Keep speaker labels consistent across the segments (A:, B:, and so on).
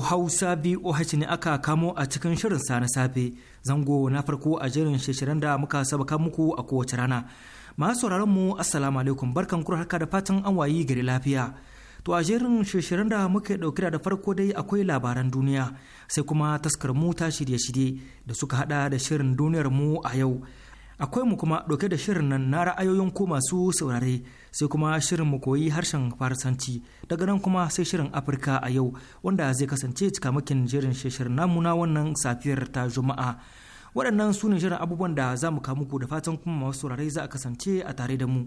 A: Hausa VOH ne aka kamo a cikin shirin sa na safe zango na farko a jerin shirin da muka sabaka muku a kowace rana. Masu sauraron mu Assalamu alaikum barkan kura harka da fatan an wayi gari lafiya. To a jerin shirin da muke dauki da farko dai akwai labaran duniya sai kuma taskar mu ta shirye-shirye da suka hada da shirin duniyar mu a yau. akwai mu kuma ɗauke da shirin nan na ra'ayoyin ko masu saurare sai kuma shirin mu koyi harshen farsanci daga nan kuma sai shirin afirka a yau wanda zai kasance cikamakin jerin shirin namu na wannan safiyar ta juma'a waɗannan su ne shirin abubuwan da za mu ku da fatan kuma masu saurare za a kasance a tare da mu.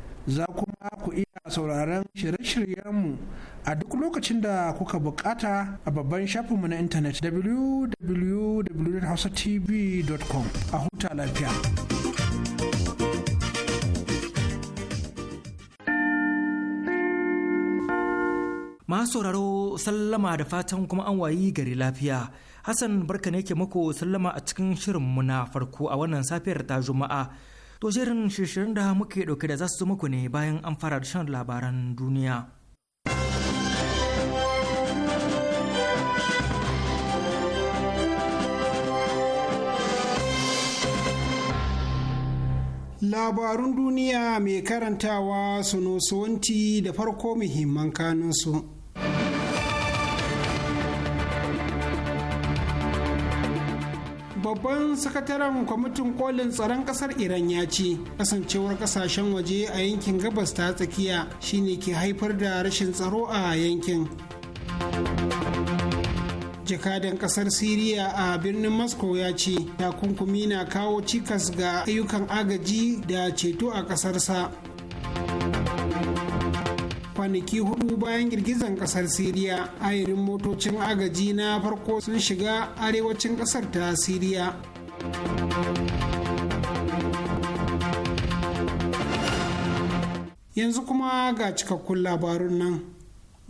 B: za kuma ku iya sauraron shirye-shiryenmu a duk lokacin da kuka bukata a babban shafinmu na intanet www.hausatv.com a huta lafiya.
A: Masu sauraro sallama da fatan kuma an wayi gari lafiya. Hassan barka ne ke mako sallama a cikin shirin na farko a wannan safiyar ta Juma'a. To jerin shirin da muke ɗauke da za su muku ne bayan an fara da shan labaran duniya.
C: Labarun duniya mai karantawa sunusuwanti da farko muhimman kanunsu. babban sakataren kwamitin kolin tsaron kasar iran ya ce kasancewar kasashen waje a yankin gabas ta tsakiya shine ke haifar da rashin tsaro a yankin jakadan kasar siriya a birnin moscow ya ce takunkumi na kawo cikas ga ayyukan agaji da ceto a kasarsa kwanaki hudu bayan girgizan kasar siriya ayarin motocin agaji na farko sun shiga arewacin kasar ta siriya yanzu kuma ga cikakkun labarun nan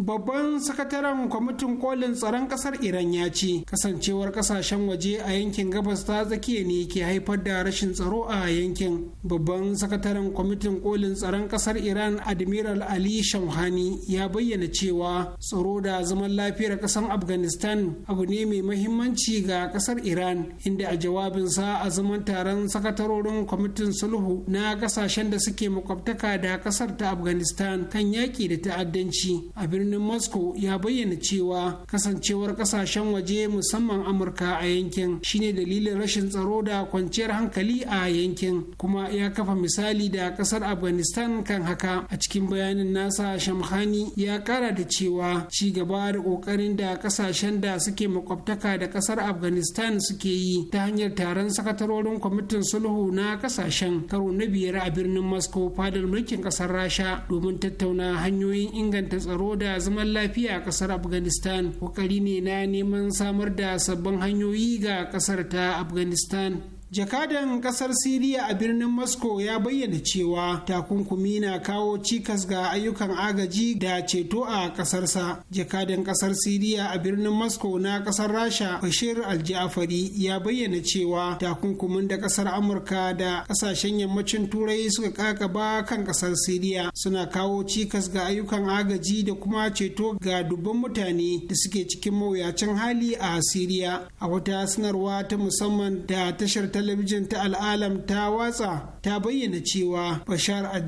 C: babban sakataren kwamitin kolin tsaron kasar iran ya ce kasancewar kasashen waje a yankin gabas ta tsakiya ne ke haifar da rashin tsaro a yankin babban sakataren kwamitin kolin tsaron kasar iran admiral ali shamhani ya bayyana cewa tsaro da zaman lafiyar kasar afghanistan abu ne mai mahimmanci ga kasar iran inda a jawabinsa a zaman taron sakatarorin kwamitin sulhu na kasashen da suke makwabtaka da kasar ta afghanistan kan yaƙi da ta'addanci a birnin birnin moscow ya bayyana cewa kasancewar kasashen waje musamman amurka a yankin shine dalilin rashin tsaro da kwanciyar hankali a yankin kuma ya kafa misali da kasar afghanistan kan haka a cikin bayanin nasa shamhani ya kara da cewa ci gaba da kokarin da kasashen da suke makwabtaka da kasar afghanistan suke yi ta hanyar taron sakatarorin kwamitin sulhu na kasashen karo na biyar a birnin moscow fadar mulkin kasar rasha domin tattauna hanyoyin inganta tsaro da zaman lafiya a kasar afghanistan kokari ne na neman samar da sabbin hanyoyi ga kasar ta afghanistan jakadan kasar siriya a birnin moscow ya bayyana cewa takunkumi na kawo cikas ga ayyukan agaji da ceto a kasarsa jakadan kasar siriya a birnin moscow na kasar rasha bashir aljafari ya bayyana cewa takunkumin da kasar amurka da kasashen yammacin turai suka kakaba kan kasar siriya suna kawo cikas ga ayyukan agaji da kuma ceto ga dubban mutane da suke cikin mawuyacin hali a siriya a wata sanarwa ta musamman da tashar ta. talabijin ta al'alam ta watsa ta bayyana cewa bashar al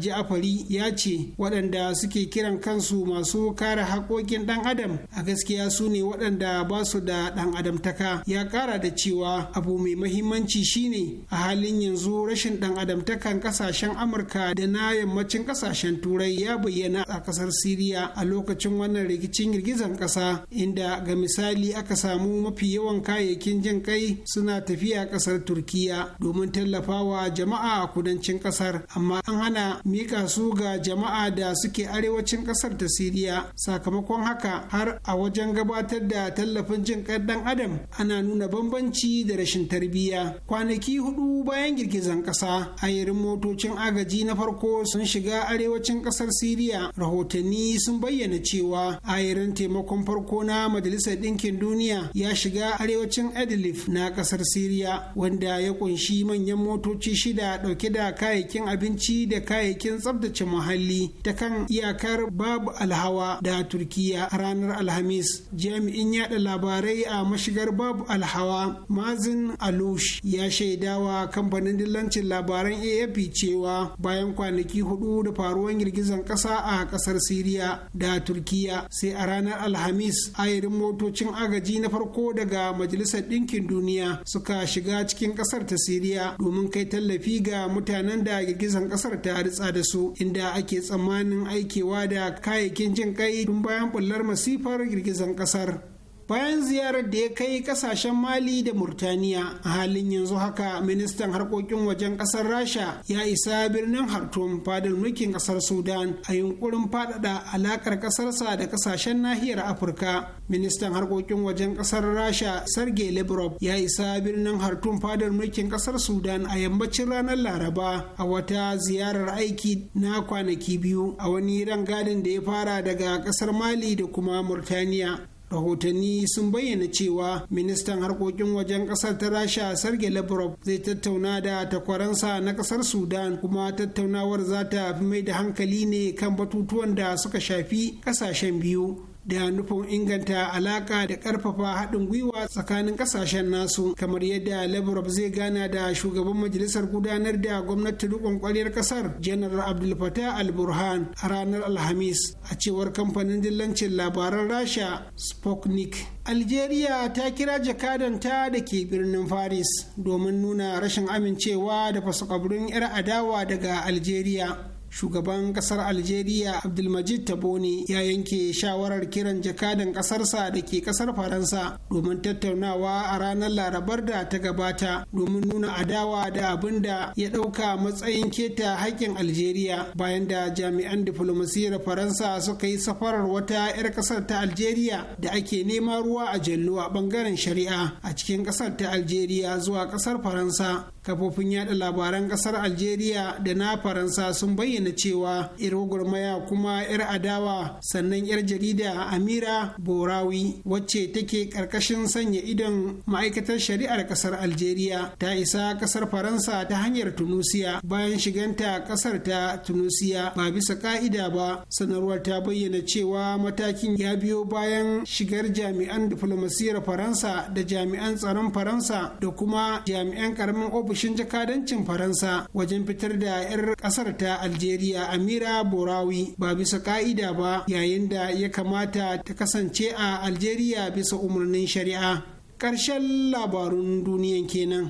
C: ya ce waɗanda suke kiran kansu masu kare haƙoƙin ɗan adam a gaskiya su ne waɗanda ba su da ɗan adamtaka ya ƙara da cewa abu mai mahimmanci shine a halin yanzu rashin ɗan takan ƙasashen amurka da na yammacin ƙasashen turai ya bayyana a ƙasar siriya a lokacin wannan rikicin girgizan ƙasa inda ga misali aka samu mafi yawan kayayyakin jin kai suna tafiya ƙasar turki. Turkiyya domin tallafawa jama'a a kudancin kasar amma an hana mika su ga jama'a da suke arewacin kasar ta Siriya sakamakon haka har a wajen gabatar da tallafin jin ɗan adam ana nuna bambanci da rashin tarbiyya kwanaki hudu bayan girgizan ƙasa ayyarin motocin agaji na farko sun shiga arewacin ƙasar Siriya rahotanni sun bayyana cewa ayyarin taimakon farko na majalisar ɗinkin duniya ya shiga arewacin Idlib na ƙasar Siriya wanda ya ya kunshi manyan motoci shida dauke da kayayyakin abinci da kayayyakin tsabtace muhalli ta kan iyakar babu alhawa da turkiya a ranar alhamis jami'in yada labarai a mashigar babu alhawa mazin alush ya shaidawa kamfanin dillancin labaran afp cewa bayan kwanaki hudu da faruwan girgizan kasa a kasar siriya da turkiya sai a ranar alhamis ayarin motocin agaji na farko daga majalisar ɗinkin duniya suka shiga cikin kasar kasar ta siriya domin kai tallafi ga mutanen da girgizan kasar ta ritsa da su inda ake tsammanin aikewa da kayayyakin jin kai tun bayan bullar masifar girgizan kasar bayan ziyarar da ya kai kasashen mali da murtaniya a halin yanzu haka ministan harkokin wajen kasar rasha ya isa birnin hartum fadar mulkin kasar sudan a yunkurin faɗaɗa alakar kasarsa da kasashen nahiyar afirka ministan harkokin wajen kasar rasha sergei lebrov ya isa birnin hartum fadar mulkin kasar sudan a yammacin ranar laraba a wata ziyarar aiki na kwanaki biyu a wani gadin da ya fara daga kasar mali da kuma murtaniya rahotanni sun bayyana cewa ministan harkokin wajen kasar ta rasha sergei lavrov zai tattauna da takwaransa na kasar sudan kuma tattaunawar za ta fi mai da hankali ne kan batutuwan da suka shafi kasashen biyu da nufin inganta alaka da karfafa haɗin gwiwa tsakanin ƙasashen nasu kamar yadda lavrov zai gana da shugaban majalisar gudanar da Gwamnati rikon kwaryar ƙasar janar AbdulFata fatah al burhan a ranar alhamis a cewar kamfanin dillancin labaran rasha Spoknik. algeria ta kira jakadanta da ke birnin Faris domin nuna rashin amincewa da fasakabrin 'yar adawa daga algeria shugaban kasar algeria abdulmajid tabone ya yanke shawarar kiran jakadan kasarsa da ke kasar faransa domin tattaunawa a ranar larabar da ta gabata domin nuna adawa da abin da ya ɗauka matsayin keta haƙƙin algeria bayan da jami'an diflomasiyyar faransa suka yi safarar wata 'yar kasar ta algeria da ake nema ruwa a jallo a bangaren shari'a a cikin kasar ta algeria zuwa kasar faransa kafofin yada labaran kasar algeria da na faransa sun bayyana cewa yar gwagwarmaya kuma yar adawa sannan yar jarida amira borawi wacce take karkashin sanya idon ma'aikatar shari'ar kasar algeria ta isa kasar faransa ta hanyar tunusiya bayan shiganta kasar ta tunusiya ba bisa ka'ida ba sanarwar ta bayyana cewa matakin ya biyo bayan shigar jami'an diflomasiyyar faransa da jami'an tsaron faransa da kuma jami'an karamin ofishin jakadancin faransa wajen fitar da 'yar kasar ta algeria amira borawi ba bisa ka'ida ba yayin da ya kamata ta kasance a algeria bisa umarnin shari'a ƙarshen labarun duniyan kenan.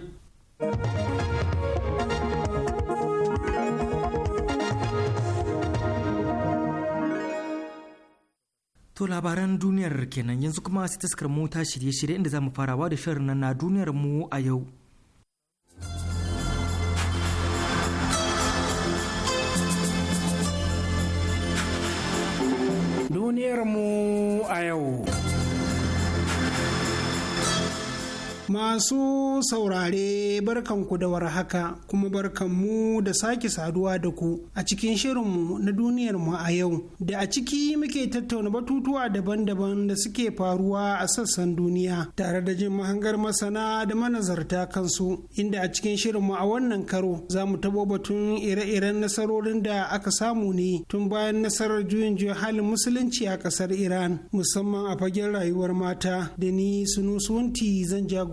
A: To labaran duniyar kenan yanzu kuma sai taskar mota shirye-shirye inda za mu farawa da shirin na duniyar mu a yau.
B: duniyarmu a yau.
C: Masu saurare barkan ku da haka kuma barkan mu da sake saduwa da ku a cikin shirinmu na duniyar mu a yau da a ciki muke tattauna batutuwa daban-daban da suke faruwa a sassan duniya tare da jin mahangar masana da manazarta kansu inda a cikin shirinmu a wannan karo za mu tabo batun ire-iren nasarorin da aka samu ne tun bayan nasarar juyin juyin halin musulunci a kasar Iran musamman a fagen rayuwar mata da ni sunusunti zan jago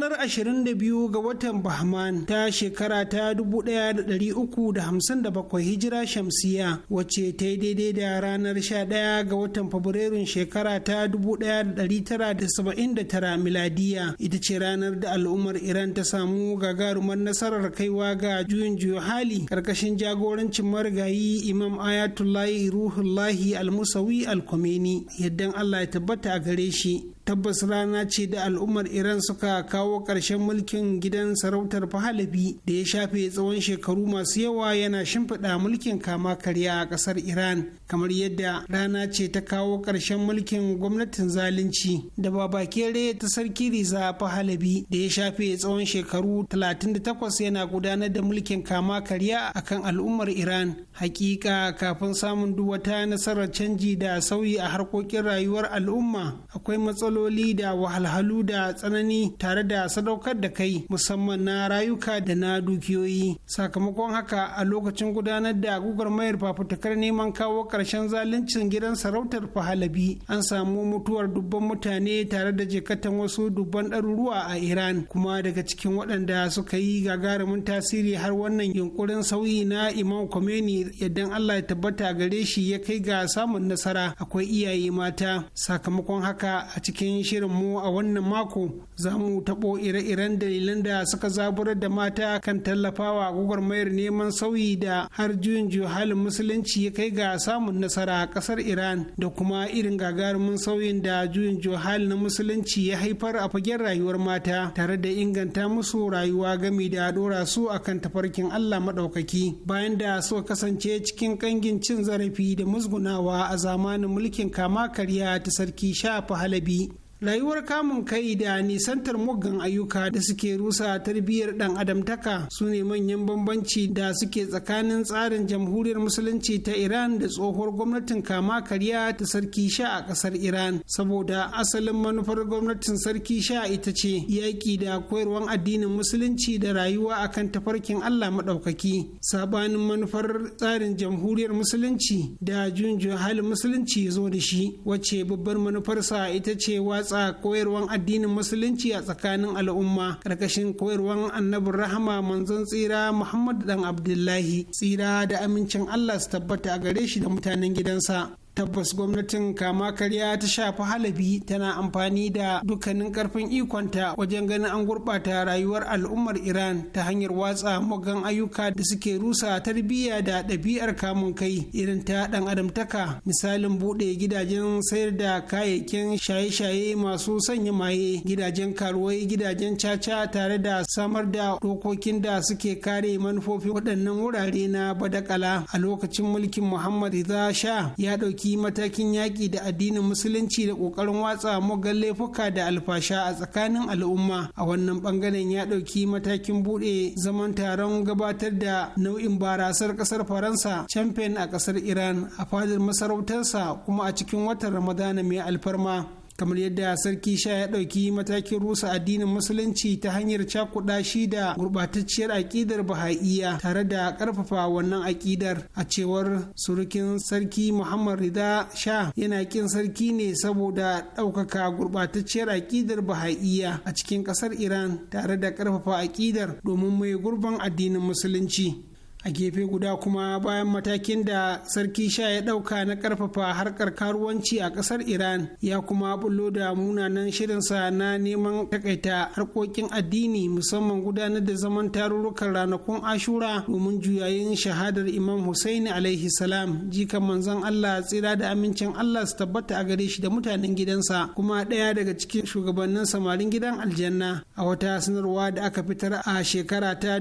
C: ranar 22 ga watan Bahman ta shekara ta 1357 hijira shamsiya wace ta yi daidai da ranar 11 ga watan Fabrairun shekara ta 1979 miladiya ita ce ranar da al'ummar Iran ta samu gagarumar nasarar kaiwa ga juyin juyo hali karkashin jagorancin marigayi Imam Ayatullahi Ruhullahi Al-Musawi al yadda Allah ya tabbata a gare shi tabbas rana ce da al'ummar iran suka kawo ƙarshen mulkin gidan sarautar fahalabi da ya shafe tsawon shekaru masu yawa yana shimfiɗa mulkin kama karya a ƙasar iran kamar yadda rana ce ta kawo ƙarshen mulkin gwamnatin zalunci da babakere ta sarki riza fahalabi da ya shafe tsawon shekaru 38 yana gudanar da mulkin kama karya a kan al'ummar iran hakika kafin samun duwata nasarar canji da sauyi a harkokin rayuwar al'umma akwai matsalolin matsaloli da wahalhalu da tsanani tare da sadaukar da kai musamman na rayuka da na dukiyoyi sakamakon haka a lokacin gudanar da mayar fafutukar neman kawo ƙarshen zaluncin gidan sarautar fahalabi an samu mutuwar dubban mutane tare da jikatan wasu dubban ɗaruruwa a iran kuma daga cikin waɗanda suka yi gagarumin tasiri har wannan yunkurin sauyi na imam Khomeini yadda allah ya tabbata gare shi ya kai ga samun nasara akwai iyaye mata sakamakon haka a cikin cikin shirin mu a wannan mako za mu taɓo ire-iren dalilan da suka zaburar da mata kan tallafawa gwagwarmayar neman sauyi da har juyin halin musulunci ya kai ga samun nasara a ƙasar iran da kuma irin gagarumin sauyin da juyin halin na musulunci ya haifar a fagen rayuwar mata tare da inganta musu rayuwa gami da ɗora su a kan tafarkin allah maɗaukaki bayan da suka kasance cikin ƙangin cin zarafi da musgunawa a zamanin mulkin kama karya ta sarki shafa halabi rayuwar kamun kai da nisantar muggan ayyuka da suke rusa tarbiyyar dan adamtaka su ne manyan bambanci da suke tsakanin tsarin jamhuriyar musulunci ta iran da tsohuwar gwamnatin kama karya ta sarki sha a kasar iran saboda asalin manufar gwamnatin sarki sha ita ce yaƙi da koyarwan addinin musulunci da rayuwa akan tafarkin allah maɗaukaki sabanin manufar tsarin jamhuriyar musulunci da junjun halin musulunci zo da shi wacce babbar manufarsa ita ce watsa koyarwan addinin musulunci a tsakanin al'umma karkashin koyarwar annabin rahama manzon tsira muhammad dan abdullahi tsira da amincin allah su tabbata a gare shi da mutanen gidansa tabbas gwamnatin kama karya ta shafi halabi tana amfani da dukkanin karfin ikonta wajen ganin an gurɓata rayuwar al'ummar iran ta hanyar watsa magan ayyuka da suke rusa tarbiyya da ɗabi'ar kamun kai irin ta ɗan adamtaka misalin buɗe gidajen sayar da kayayyakin shaye-shaye masu sanya maye gidajen karuwai gidajen caca tare da samar da dokokin da suke kare manufofin waɗannan wurare na badakala a lokacin mulkin muhammad Rida sha ya ɗauki ɗauki matakin yaƙi da addinin musulunci da ƙoƙarin watsa muggan laifuka da alfasha a tsakanin al'umma a wannan ɓangaren ya ɗauki matakin buɗe zaman taron gabatar da nau'in barasar ƙasar faransa champagne a ƙasar iran a fadar masarautarsa kuma a cikin watan ramadana mai alfarma kamar yadda sarki sha ya ɗauki matakin rusa addinin musulunci ta hanyar cakuɗa shi da gurɓatacciyar aƙidar baha'iya tare da ƙarfafa wannan aƙidar a cewar surukin sarki muhammad rida sha yana ƙin sarki ne saboda ɗaukaka gurɓatacciyar aƙidar baha'iya a cikin ƙasar iran tare da ƙarfafa aƙidar domin mai gurban addinin musulunci a gefe guda kuma bayan matakin da sarki sha ya ɗauka na ƙarfafa harkar karuwanci a ƙasar iran ya kuma bullo da munanan shirinsa na neman takaita harkokin addini musamman gudanar da zaman tarurrukan ranakun ashura domin juyayin shahadar imam hussaini alaihi salam jikan manzon allah tsira da amincin allah su tabbata a gare shi da mutanen gidansa kuma ɗaya daga cikin shugabannin samarin gidan aljanna a wata sanarwa da aka fitar a shekara ta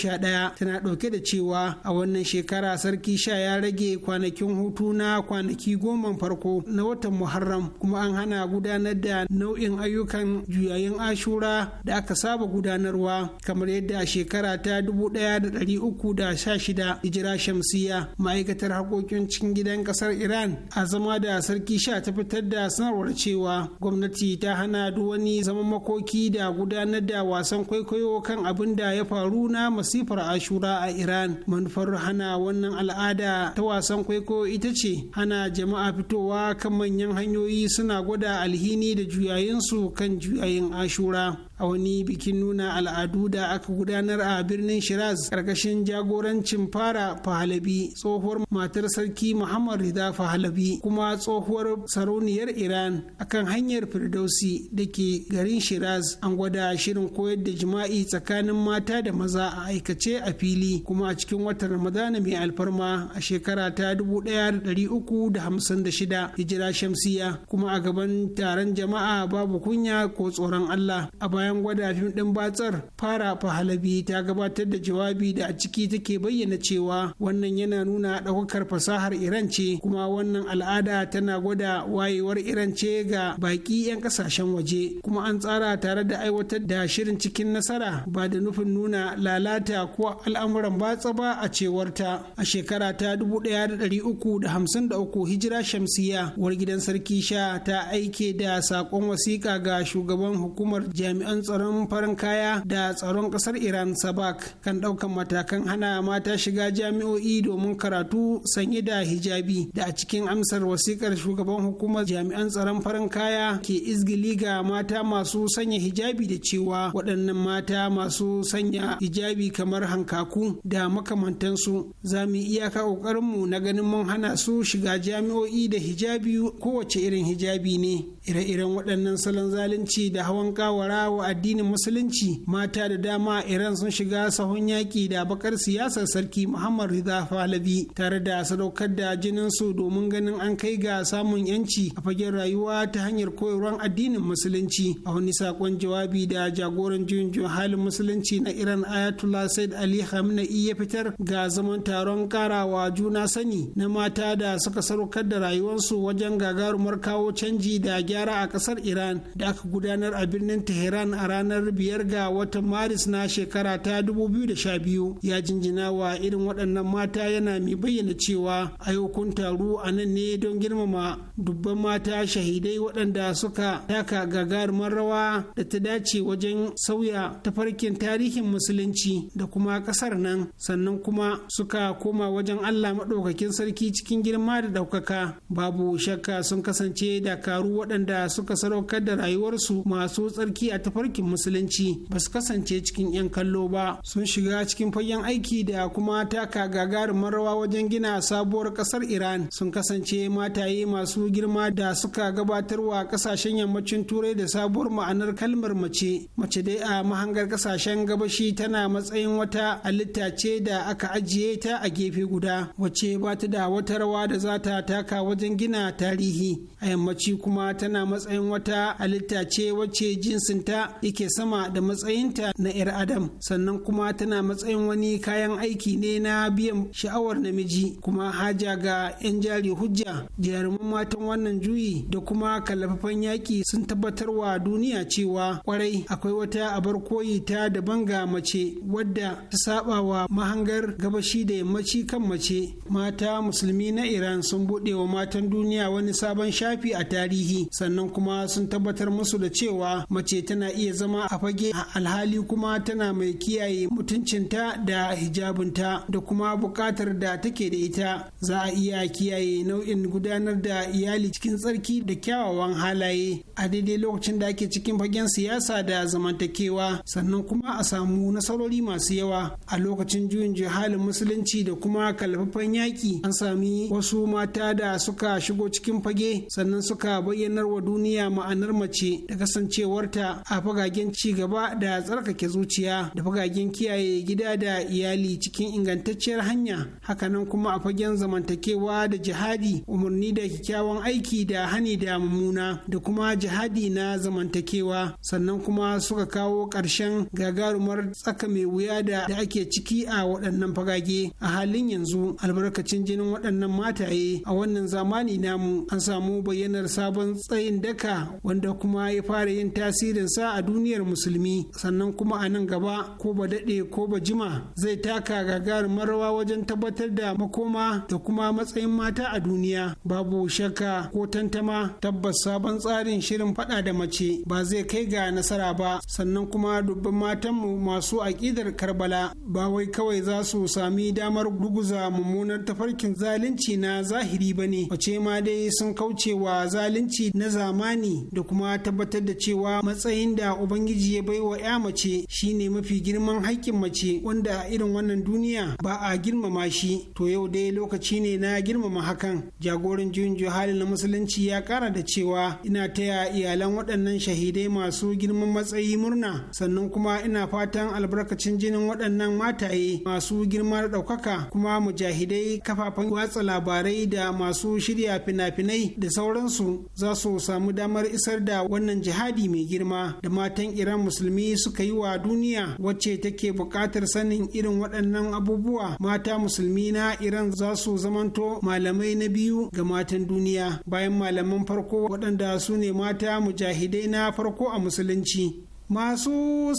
C: sha ɗaya tana ɗauke da cewa a wannan shekara sarki sha ya rage kwanakin hutu na kwanaki goma farko na watan muharram kuma an hana gudanar da nau'in ayyukan juyayin ashura da aka saba gudanarwa kamar yadda a shekara ta 1316 hijira shamsiya ma'aikatar harkokin cikin gidan kasar iran a zama da sarki sha ta fitar da sanarwar cewa gwamnati ta hana duk wani zaman makoki da gudanar da wasan kwaikwayo kan abin da ya faru na masifa. manufar ashura a iran manufar hana wannan al'ada ta wasan kwaikwayo ita ce hana jama'a fitowa kan manyan hanyoyi suna gwada alhini da juyayinsu kan juyayin ashura a wani bikin nuna al'adu da aka gudanar a birnin shiraz karkashin jagorancin fara fahalabi tsohuwar matar sarki muhammad rida fahalabi kuma tsohuwar sarauniyar iran akan hanyar firdausi da ke garin shiraz an gwada shirin koyar da jima'i tsakanin mata da maza a aikace ce a fili kuma a cikin watan ramadana mai alfarma a shekara ta 1356 hijira shamsiya kuma a gaban taron jama'a babu kunya ko tsoron Allah a bayan gwada fim din batsar fara fahalabi ta gabatar da jawabi da a ciki take bayyana cewa wannan yana nuna ɗaukakar fasahar Iran ce kuma wannan al'ada tana gwada wayewar Iran ce ga baki 'yan kasashen waje kuma an tsara tare da aiwatar da shirin cikin nasara ba da nufin nuna lalata kuwa al'amuran batsa ba a cewarta a shekara ta 1353 hijira shamsiya uwar gidan sarki sha ta aike da sakon wasiƙa ga shugaban hukumar jami'an tsaron farin kaya da tsaron ƙasar iran sabak kan ɗaukan matakan hana mata shiga jami'o'i domin karatu sanye da hijabi da a cikin amsar wasikar shugaban hukumar jami'an tsaron farin kaya ke izgili ga mata masu sanya hijabi da cewa waɗannan mata masu sanya hijabi kamar unguwar hankaku da makamantansu za mu iyaka ƙoƙarinmu na ganin mun hana su shiga jami'o'i da hijabi kowace irin hijabi ne ire-iren waɗannan salon zalunci da hawan kawara wa addinin musulunci mata da dama a iran sun shiga sahun yaƙi da bakar siyasar sarki muhammad rida falabi tare da sadaukar da jinin su domin ganin an kai ga samun yanci a fagen rayuwa ta hanyar koyarwar addinin musulunci a wani sakon jawabi da jagoran juyin halin musulunci na iran ayatollah said ali hamna'i ya fitar ga zaman taron karawa juna sani na mata da suka sadaukar da rayuwarsu wajen gagarumar kawo canji da gyara a kasar iran da aka gudanar a birnin tehran a ranar biyar ga watan maris na shekara ta 2012 ya jinjina wa irin waɗannan mata yana mai bayyana cewa a yau taru a nan ne don girmama dubban mata shahidai waɗanda suka taka gagarumar rawa da ta dace wajen sauya tafarkin tarihin musulunci da kuma ƙasar nan sannan kuma suka koma wajen allah maɗaukakin sarki cikin girma da ɗaukaka babu shakka sun kasance dakaru waɗanda waɗanda suka sadaukar da rayuwarsu masu tsarki a tafarkin musulunci ba su kasance cikin 'yan kallo ba sun shiga cikin fagen aiki da kuma taka gagarumin rawa wajen gina sabuwar ƙasar iran sun kasance mataye masu girma da suka gabatarwa ƙasashen yammacin turai da sabuwar ma'anar kalmar mace mace dai a mahangar ƙasashen gabashi tana matsayin wata halitta ce da aka ajiye ta a gefe guda wacce ba ta da wata rawa da za ta taka wajen gina tarihi a yammaci kuma tana tana matsayin wata halitta ce wacce jinsinta yake sama da matsayinta na 'yar adam sannan kuma tana matsayin wani kayan aiki ne na biyan sha'awar namiji kuma haja ga 'yan jari hujja jaruman matan wannan juyi da kuma kalafafan yaki sun tabbatar wa duniya cewa kwarai akwai wata abar koyi ta daban ga mace wadda ta saba wa mahangar gabashi da yammaci kan mace mata musulmi na iran sun buɗe wa matan duniya wani sabon shafi a tarihi sannan kuma sun tabbatar musu da cewa mace tana iya zama a fage alhali kuma tana mai kiyaye mutuncinta da hijabinta da kuma buƙatar da take da ita za a iya kiyaye nau'in gudanar da iyali cikin tsarki da kyawawan halaye a daidai lokacin da ake cikin fagen siyasa da zamantakewa sannan kuma a samu nasarori masu yawa a lokacin juyin jihalin musulunci da kuma kalfafan yaƙi an sami wasu mata da suka shigo cikin fage sannan suka bayyanar wa duniya ma'anar mace da kasancewarta a fagagen ci gaba da tsarkake zuciya da fagagen kiyaye gida da iyali cikin ingantacciyar hanya hakanan kuma a fagen zamantakewa da jihadi umarni da kyakkyawan aiki da hani da mummuna da kuma jihadi na zamantakewa sannan kuma suka kawo ƙarshen gagarumar tsaka mai wuya da ake ciki a waɗannan fagage a halin yanzu albarkacin jinin waɗannan mataye a wannan zamani namu an samu bayyanar sabon tsaye yin daka wanda kuma ya fara yin tasirinsa a duniyar musulmi sannan kuma a nan gaba ko ba daɗe ko ba jima zai taka gagarumar rawa wajen tabbatar da makoma da kuma matsayin mata a duniya babu shakka ko tantama tabbas sabon tsarin shirin faɗa da mace ba zai kai ga nasara ba sannan kuma dubban matanmu masu aƙidar karbala ba wai kawai za su sami damar ruguza mummunar tafarkin zalunci na zahiri ba ne wace ma dai sun kauce wa zalunci na zamani da kuma tabbatar da cewa matsayin da ubangiji ya bai wa ya mace shine mafi girman haƙƙin mace wanda a irin wannan duniya ba a girmama shi to yau dai lokaci ne na girmama hakan jagoran juyin juhali na musulunci ya kara da cewa ina taya iyalan waɗannan shahidai masu girman matsayi murna sannan kuma ina fatan albarkacin jinin waɗannan mataye masu girman ɗaukaka kuma mujahidai kafafen watsa labarai da masu shirya fina-finai da sauransu za su samu damar isar da wannan jihadi mai girma da matan iran musulmi suka yi wa duniya wacce take buƙatar sanin irin waɗannan abubuwa mata musulmi na iran za su zamanto malamai na biyu ga matan duniya bayan malaman farko waɗanda su ne mata mujahidai na farko a musulunci masu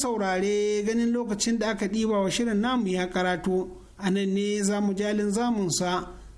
C: saurare ganin lokacin da aka ɗiba wa shirin namu ya karatu a nan ne za mu jalin zamunsa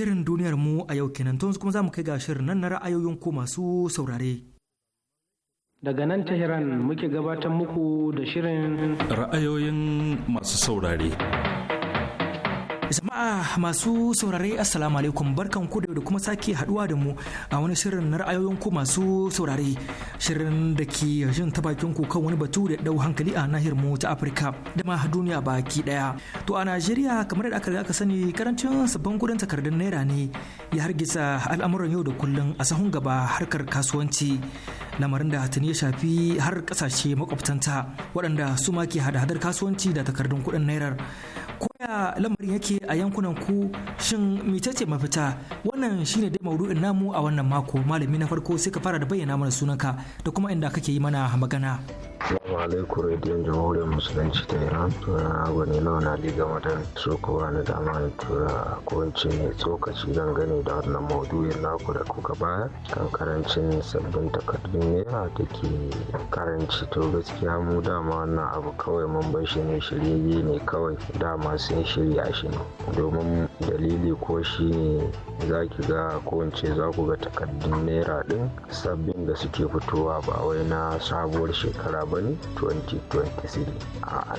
A: Shirin duniyar mu a yau kenan to kuma za mu kai ga shirin nan na ra'ayoyin ku masu saurare. Daga nan Tehran muke gabatar muku da
D: shirin ra'ayoyin masu saurare.
A: jama'a masu saurare assalamu alaikum barkan ku da kuma sake haduwa da mu a wani shirin na ra'ayoyin ku masu saurare shirin da ke jin ta bakin ku kan wani batu da dau hankali a nahiyar mu ta Afirka da ma duniya baki daya to a Najeriya kamar da aka aka sani karancin sabbin kudin takardun naira ne ya hargitsa al'amuran yau da kullun a sahun gaba harkar kasuwanci lamarin da tuni ya shafi har kasashe makwabtanta waɗanda su ma ke hada-hadar kasuwanci da takardun kuɗin nairar ya lamarin yake a yankunan ku shin mitace mafita wannan shine dai maudu'in namu a wannan mako malami na farko sai ka fara da bayyana mana sunanka da kuma inda kake yi mana magana
E: Assalamu alaikum rediyon jamhuriyar musulunci ta Iran suna gwani wani liga madan so na dama tura ko in ce tsokaci dangane da wannan maudu'in naku da kuka baya kan karancin sabbin takardun naira da ke karanci to gaskiya mu dama wannan abu kawai mun shi ne shirye ne kawai dama sun shirya shi domin dalili ko shi ne za ki ga ko za ku ga takardun naira din sabbin da suke fitowa ba wai na sabuwar shekara ba ne 2023 a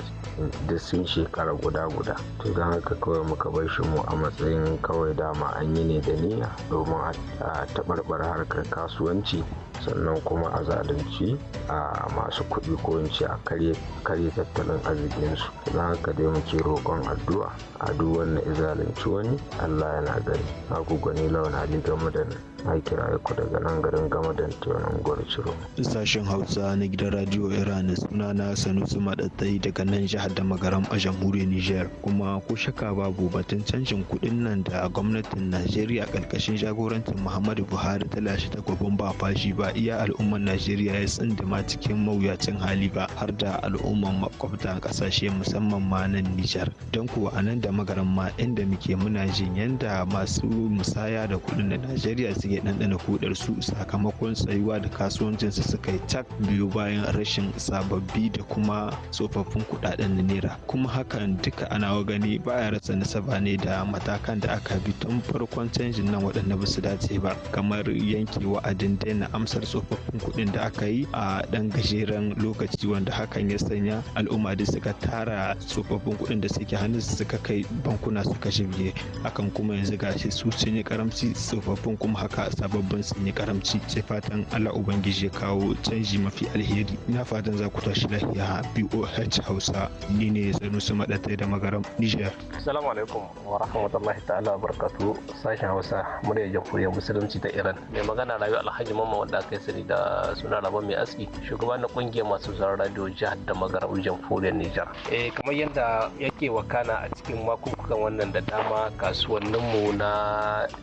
E: duk sun shekara guda guda to don haka kawai muka bar shi mu a matsayin kawai dama an yi ne da niyya domin a tabarbar harkar kasuwanci sannan kuma a zalunci a masu kuɗi ko in ce a karye tattalin arzikinsu don haka dai muke roƙon a. addu'a a duk wanda ya zalunci wani Allah yana gani na gwani launa ali game da na kira ku daga nan garin gama da tunan gwarciro.
F: Sashen Hausa na gidan Radio Iran suna na Sanusi Maɗatai daga nan jihar da magaram a jamhuriyar Nijar kuma ko shaka babu batun canjin kuɗin nan da gwamnatin Najeriya ƙarƙashin jagorancin Muhammadu Buhari ta lashe takobin ba fashi ba iya al'ummar Najeriya ya tsindima cikin mawuyacin hali ba har da al'ummar makwabta ƙasashe musamman ma nan Nijar. Don kuwa a nan da magaran ma inda muke muna jin yanda masu musaya da kuɗin da Najeriya sun rage ɗanɗana kudar su sakamakon tsayuwa da kasuwancinsu suka yi cak biyu bayan rashin sababbi da kuma tsofaffin kuɗaɗen na naira kuma hakan duka ana gani ba a rasa nasaba ne da matakan da aka bi tun farkon canjin nan waɗanda ba su dace ba kamar yanke wa'adin daina amsar tsofaffin kuɗin da aka yi a ɗan gajeren lokaci wanda hakan ya sanya al'umma da suka tara tsofaffin kuɗin da suke hannu suka kai bankuna suka shirye hakan kuma yanzu gashi su sun yi karamci tsofaffin kuma haka haka sababbin sun karamci ce fatan allah ubangiji ya kawo canji mafi alheri ina fatan za ku tashi lafiya boh hausa ni ne su maɗatai da magaram niger
G: assalamu alaikum wa rahmatullahi ta'ala barkatu sashen hausa murya jamhuriyar musulunci ta iran mai magana rayu alhaji mamman wanda aka sani da suna raba mai aski shugaban na kungiyar masu zarar radio jihar da magaram
H: jamhuriyar niger
G: eh kamar yadda yake wakana a cikin makunkukan wannan da dama kasuwanninmu na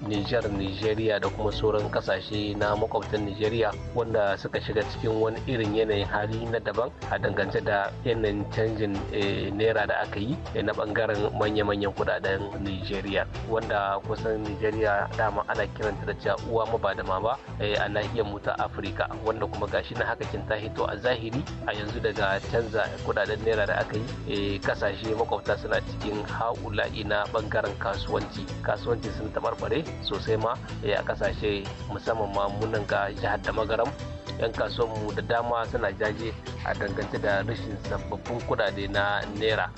G: niger nigeria da kuma kuma sauran kasashe na makwabtan Nijeriya wanda suka shiga cikin wani irin yanayin hali na daban a dangance da yanayin canjin eh, naira da aka yi eh, na bangaren manya-manyan kudaden Nijeriya wanda kusan Nijeriya dama ana kiranta da cewa uwa ma ba eh, a nahiyar mu ta Afirka wanda kuma gashi na haka kin ta hito a zahiri a yanzu daga canza kudaden naira da aka yi kasashe makwabta suna cikin haula'i na bangaren kasuwanci kasuwanci sun tabarbare sosai ma a kasashe ce musamman ma munan ga jihar da magaram yan mu da dama suna jaje a dangance da rashin sababbin kudade na naira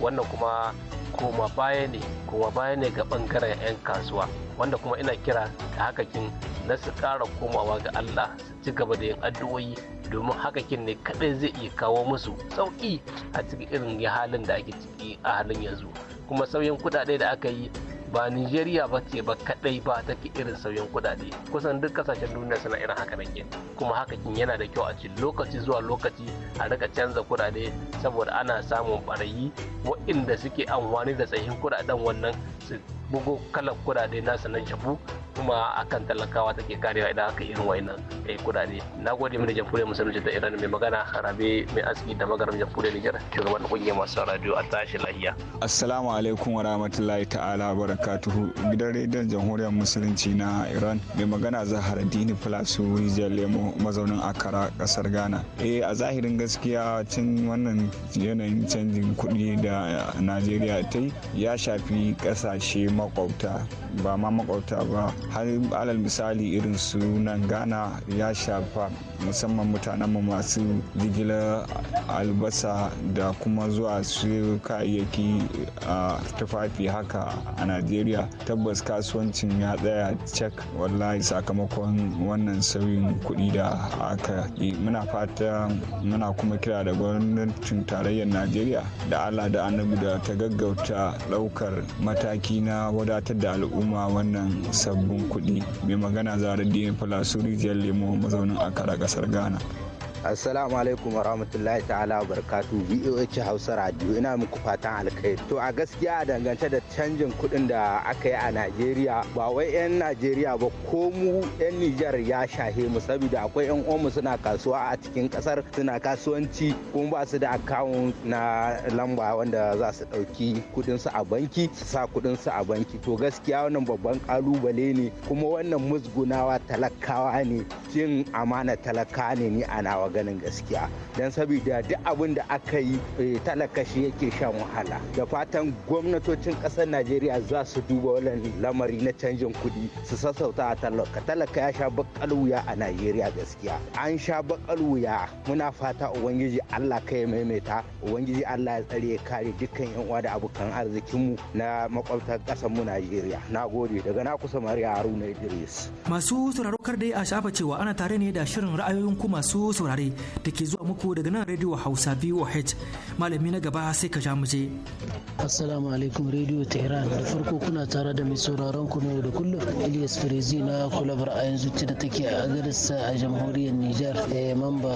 G: wannan kuma koma baya ne koma baya ne ga bangaren 'yan kasuwa wanda kuma ina kira da hakakin na su kara komawa ga Allah su ci gaba da yin addu'o'i domin hakakin ne kadai zai iya kawo musu sauki a cikin irin halin da ake ciki a halin yanzu kuma sauyin kudade da aka yi ba Nijeriya ba ce ba kadai ba take irin sauyin kudade kusan duk kasashen duniya suna irin haka nan kuma haka kin yana da kyau a ci lokaci zuwa lokaci a rika canza kudade saboda ana samun barayi waɗanda suke amfani da tsayin kudaden wannan su bugo kalar kudade nasa na jabu kuma akan talakawa take karewa idan aka irin wa'annan eh, kudade na gode mu da jamhuriyar musulunci ta iran mai magana rabe mai aski da magaram jamhuriyar nijar shugaban kungiyar masu radio a tashi lahiya
I: assalamu alaikum wa rahmatullahi ta'ala barakatuhu gidan rediyon jamhuriyar musulunci na iran mai magana zahar dini filasu rijiyar lemo mazaunin akara kasar ghana eh a zahirin gaskiya cin wannan yanayin canjin kuɗi da najeriya ta yi ya shafi ƙasashe makwabta ba ma makwabta ba har alal misali irin su nan ghana ya shafa musamman mutanen mu masu jigilar albasa da kuma zuwa su kayayyaki a tufafi haka a najeriya tabbas kasuwancin ya tsaya cek wallahi sakamakon wannan sauyin kuɗi da aka yi muna fata muna kuma kira da gwamnatin tarayyar najeriya da allah da annabi da ta gaggauta ɗaukar mataki na wadatar da al'umma wannan sabbin kuɗi mai magana zaradin falasuri jiyar lemo mazaunin akara ƙasar ghana
J: assalamu alaikum wa rahmatullahi ta'ala wa barakatu voh hausa radio ina muku fatan alkhairi to a gaskiya a dangance da canjin kuɗin da aka yi a najeriya ba wai 'yan najeriya ba ko mu 'yan nijar ya shahe mu saboda akwai 'yan omu suna kasuwa a cikin kasar suna kasuwanci kuma ba su da akawun na lamba wanda za su ɗauki kuɗin su a banki su sa kuɗin su a banki to gaskiya wannan babban kalubale ne kuma wannan musgunawa talakawa ne cin amana talaka ne ni a nawa maganin gaskiya don saboda duk abin da aka yi eh, talaka yake shan wahala da fatan gwamnatocin kasar najeriya za su duba wannan lamari na canjin kuɗi su sassauta a talaka talaka ya sha bakal wuya a najeriya gaskiya an sha bakal wuya muna fata ubangiji allah kai maimaita ubangiji allah ya tsare ya kare dukkan yan uwa da abokan arzikinmu na makwabtar ƙasar mu najeriya na gode daga na kusa mariya haruna idris
A: masu sauraro kar dai a shafa cewa ana tare ne da shirin ra'ayoyin ku masu saurare labarai da ke zuwa muku daga nan radio Hausa VOH. Malami na gaba sai ka ja je.
K: Assalamu alaikum rediyo Tehran da farko kuna tare da mai sauraron ku da kullum Ilyas Firizi na kulabar a yanzu da take a garissa a jamhuriyar Nijar da eh, mamba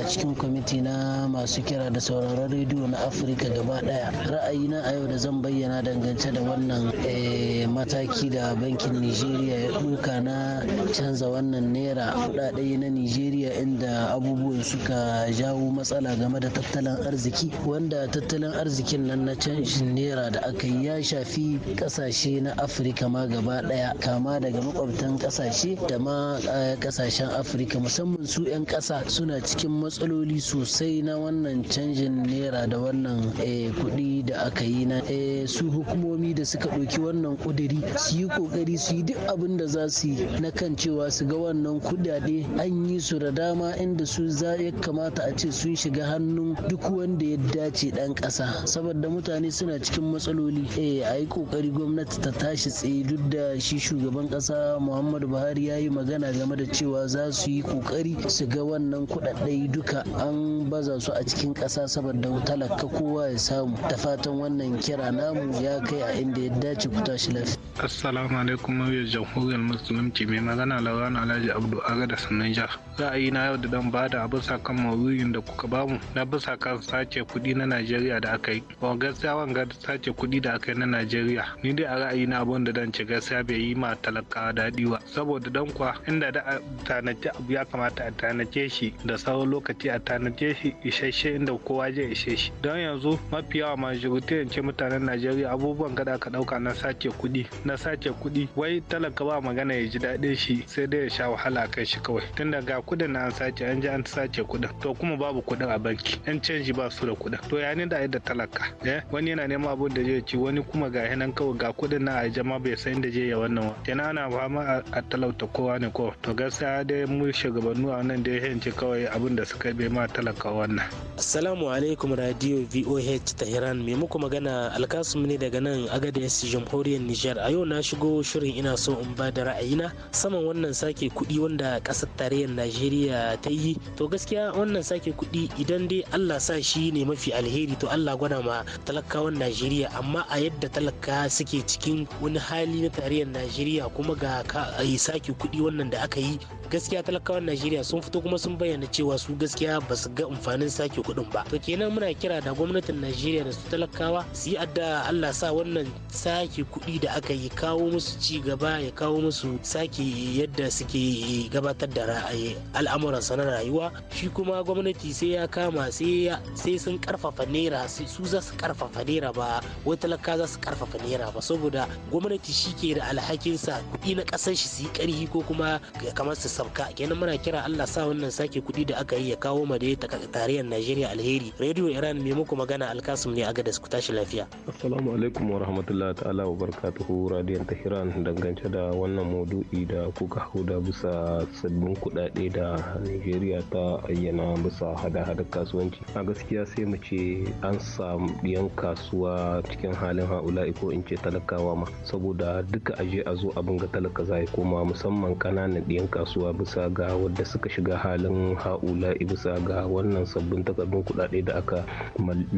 K: a cikin kwamiti na masu kira da sauraron rediyo na Afirka gaba daya. Ra'ayina a yau da zan bayyana dangance da wannan eh, mataki da bankin Nijeriya ya ɗauka na canza wannan naira kuɗaɗe na Nijeriya inda abu abubuwan suka jawo matsala game da tattalin arziki wanda tattalin arzikin nan na canjin naira da aka yi ya shafi kasashe na afirka ma gaba daya kama daga makwabtan kasashe da ma kasashen eh, afirka musamman su 'yan kasa suna cikin matsaloli sosai na wannan canjin naira da wannan eh, kuɗi da aka yi na eh, su hukumomi da suka ɗauki wannan ƙudiri su yi ƙoƙari su yi duk abin da za su yi na kan cewa su ga wannan kudade an yi su da dama inda su su za ya kamata a ce sun shiga hannun duk wanda ya dace dan kasa saboda mutane suna cikin matsaloli eh a yi kokari gwamnati ta tashi tsaye duk da shi shugaban ƙasa muhammadu buhari ya yi magana game da cewa za su yi kokari su ga wannan kuɗaɗɗai duka an baza su a cikin ƙasa saboda talaka kowa ya samu da fatan wannan kira namu ya kai a inda ya dace ku tashi lafiya
L: assalamu alaikum muryar jamhuriyar musulunci mai magana lawan alhaji abdu da sannan jihar ra'ayi na yau da dan bada da bisa kan maudu'in da kuka bamu na bisa kan sace kuɗi na Najeriya da aka yi. Ba gaskiya wanga sace kuɗi da aka yi na Najeriya. Ni dai a ra'ayi na abun da dan ci gaskiya bai yi ma talakawa daɗi ba. Saboda dan kuwa inda da tanace abu ya kamata a tanace shi da sauran lokaci a tanace shi isasshe inda kowa zai ishe shi. Don yanzu mafi yawa majoritiyan ce mutanen Najeriya abubuwan gada ka ɗauka na sace kuɗi na sace kuɗi wai talaka ba magana ya ji daɗin shi sai dai ya sha wahala kai shi kawai. Tun ga kudin na an sace an ji an sace kuɗin to kuma babu kuɗin a banki yan canji ba su da kuɗin to ya ne da da talaka eh? wani yana neman abun da zai ci wani kuma ga hinan kawai ga kudin na a jama bai san da zai ya wannan wa kenan ana fama a talauta kowa ne ko to gaskiya dai mu
M: shugabannu a nan dai yanci kawai abin da
L: suka bai ma
M: talaka wannan assalamu alaikum radio voh tehran me muku magana alkasum ne daga nan agadez jamhuriyar niger a yau na shigo shirin ina so in ba da ra'ayina saman wannan sake kudi wanda kasar tarayyar najeriya najeriya ta yi to gaskiya wannan sake kuɗi idan dai allah sa shi ne mafi alheri to allah gwada ma talakawan najeriya amma a yadda talaka suke cikin wani hali na tarayyar najeriya kuma ga sake kuɗi wannan da aka yi gaskiya talakawan najeriya sun fito kuma sun bayyana cewa su gaskiya ba su ga amfanin sake kuɗin ba to kenan muna kira da gwamnatin najeriya da su talakawa su yi adda allah sa wannan sake kuɗi da aka yi kawo musu ci gaba ya kawo musu sake yadda suke gabatar da ra'ayi al'amuransa na rayuwa shi kuma gwamnati sai ya kama sai sun karfafa naira su za su karfafa naira ba wai talaka za su karfafa naira ba saboda gwamnati shi ke da alhakinsa kuɗi na ƙasar shi su yi ƙarfi ko kuma kamar su sabka kenan muna kira Allah sa wannan sake kuɗi da aka yi ya kawo ma da tarayyar Najeriya alheri radio Iran mai muku magana alkasum ne a gadas ku tashi lafiya
H: assalamu alaikum wa rahmatullahi ta'ala wa barakatuhu radiyon tahiran dangance da wannan maudu'i da kuka hau da bisa sabbin kuɗaɗe da da nigeria ta ayyana bisa hada hada kasuwanci a gaskiya sai mu ce an samu ɗiyan kasuwa cikin halin haula ko in ce talakawa ma saboda duka aje a zo abin ga talaka zai koma musamman kananan ɗiyan kasuwa bisa ga wadda suka shiga halin haula bisa ga wannan sabbin takardun kuɗaɗe da aka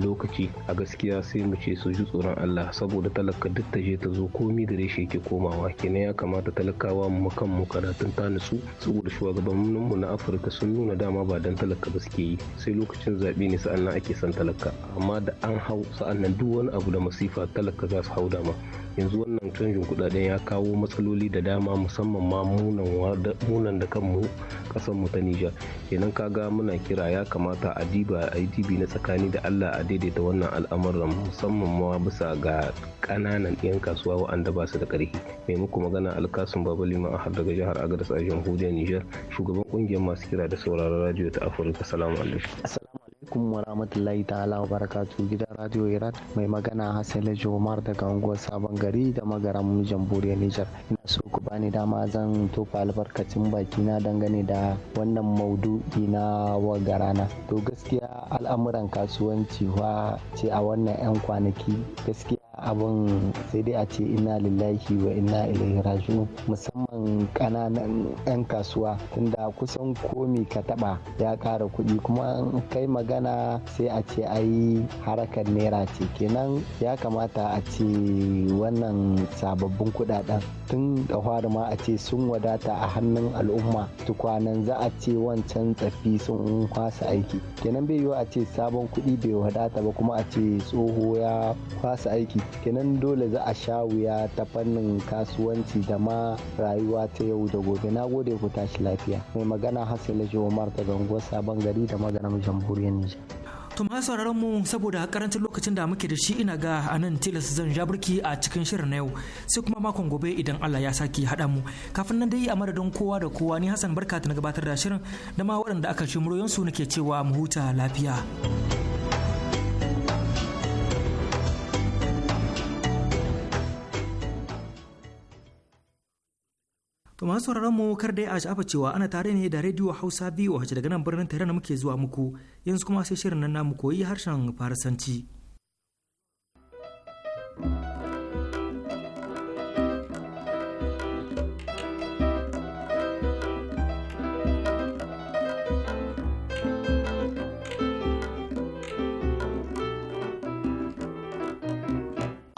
H: lokaci a gaskiya sai mu ce su ji tsoron Allah saboda talaka duk ta je ta zo komi da reshe ke komawa kenan ya kamata talakawa mu kan mu karatun ta nutsu saboda shugabannin mu na afirka sun nuna dama ba don talaka ba suke yi sai lokacin zaɓe ne sa'an nan ake son talaka amma da an hau sa'an nan duk wani abu da masifa talaka za su hau dama yanzu wannan canjin kudaden ya kawo matsaloli da dama musamman ma munan da kanmu kasan mu ta Nijar kenan kaga muna kira ya kamata a diba a dibi na tsakani da Allah a daidaita wannan al'amuran musamman ma bisa ga kananan yan kasuwa wa'anda ba su da karfi mai muku magana alkasun babalima a har daga jihar Agadas a jamhuriyar Nijar shugaban kungiyar masu kira da sauraron radio ta Afirka salamu alaikum
N: alaikum wa rahmatullahi ta'ala wa barakatuhu gidan radio Iran mai magana Hassan laji Umar daga unguwar Sabon Gari da magaram jamhuriyar Nijar. Ina so ku bani dama zan tofa albarkacin baki na dangane da wannan maudu'i na waga rana. To gaskiya al'amuran kasuwanci wa ce a wannan 'yan kwanaki gaskiya Abin sai dai a ce ina lillahi wa ina ilaihi raji'un musamman ƙananan 'yan kasuwa tunda kusan komi ka taba ya kara kuɗi kuma kai magana sai a ce ai harakar naira ce kenan ya kamata a ce wannan sababbin kuɗaɗen tun da ma a ce sun wadata a hannun al'umma tukwanan za a ce wancan tsafi sun kwasa aiki kenan bai yiwu a ce sabon kuɗi bai wadata ba kuma a ce tsoho ya kwasa aiki kenan dole za a sha wuya ta fannin kasuwanci da ma rayuwa ta yau da gobe na gode ku tashi lafiya mai magana hasila jomar ta unguwar sabon gari da maganar jamhuriyar nijar
A: To ma sauraron mu saboda karancin lokacin da muke da shi ina ga anan tilas zan ja birki a cikin shirin na yau sai kuma makon gobe idan Allah ya saki hada mu kafin nan dai a madadin kowa da kowa ni Hassan barka ta na gabatar da shirin da ma waɗanda aka shimuro muryoyin su nake cewa mu huta lafiya. To masu sauraron mu kar da ya shafa cewa ana tare ne da rediyo Hausa biyu daga nan birnin tare na muke zuwa muku yanzu kuma sai shirin nan namu koyi harshen Farisanci.